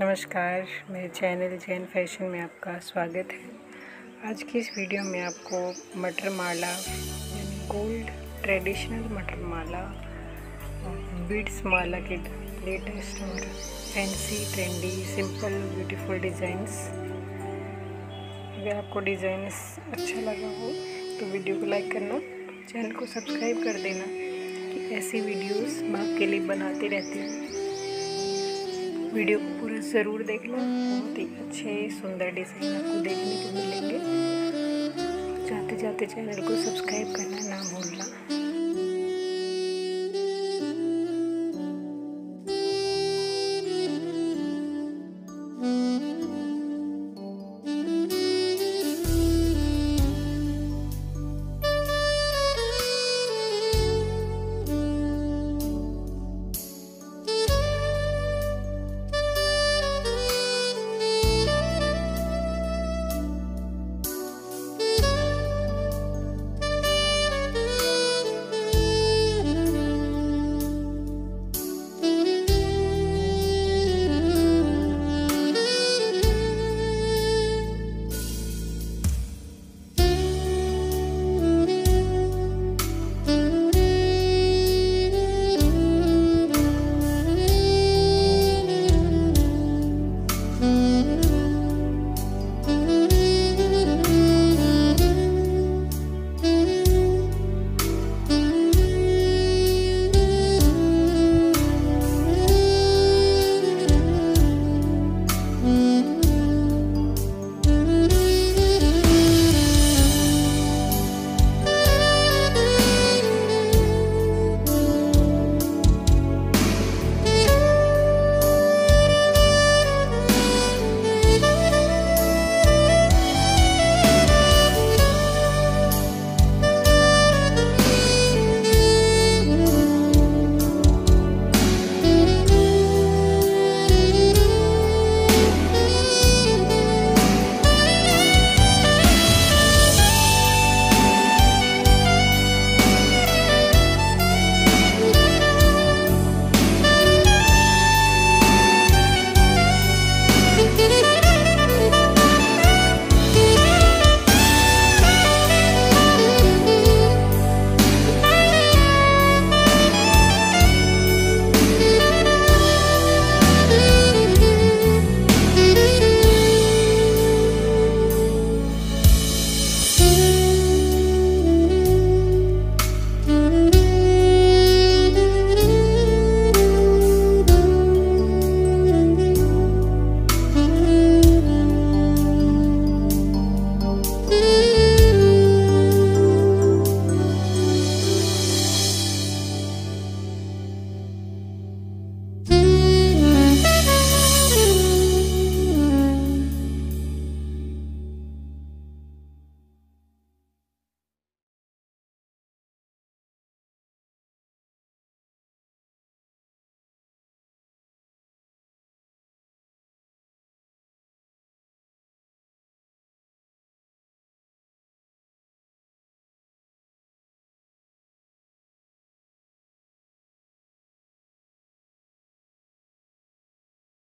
नमस्कार मेरे channel Jain fashion में आपका स्वागत है आज की इस वीडियो में आपको मटर माला यानी गोल्ड ट्रेडिशनल मटर माला बीड्स माला के लेटेस्ट और fancy trendy simple beautiful designs अगर आपको डिज़ाइन अच्छा लगा हो तो वीडियो को लाइक करना चैनल को सब्सक्राइब कर देना कि ऐसी वीडियोस मैं आपके लिए बनाती रहती हूँ वीडियो को पूरा ज़रूर देख लें बहुत ही अच्छे सुंदर डिज़ाइन आपको देखने को मिलेंगे जाते जाते चैनल को सब्सक्राइब करना ना भूलना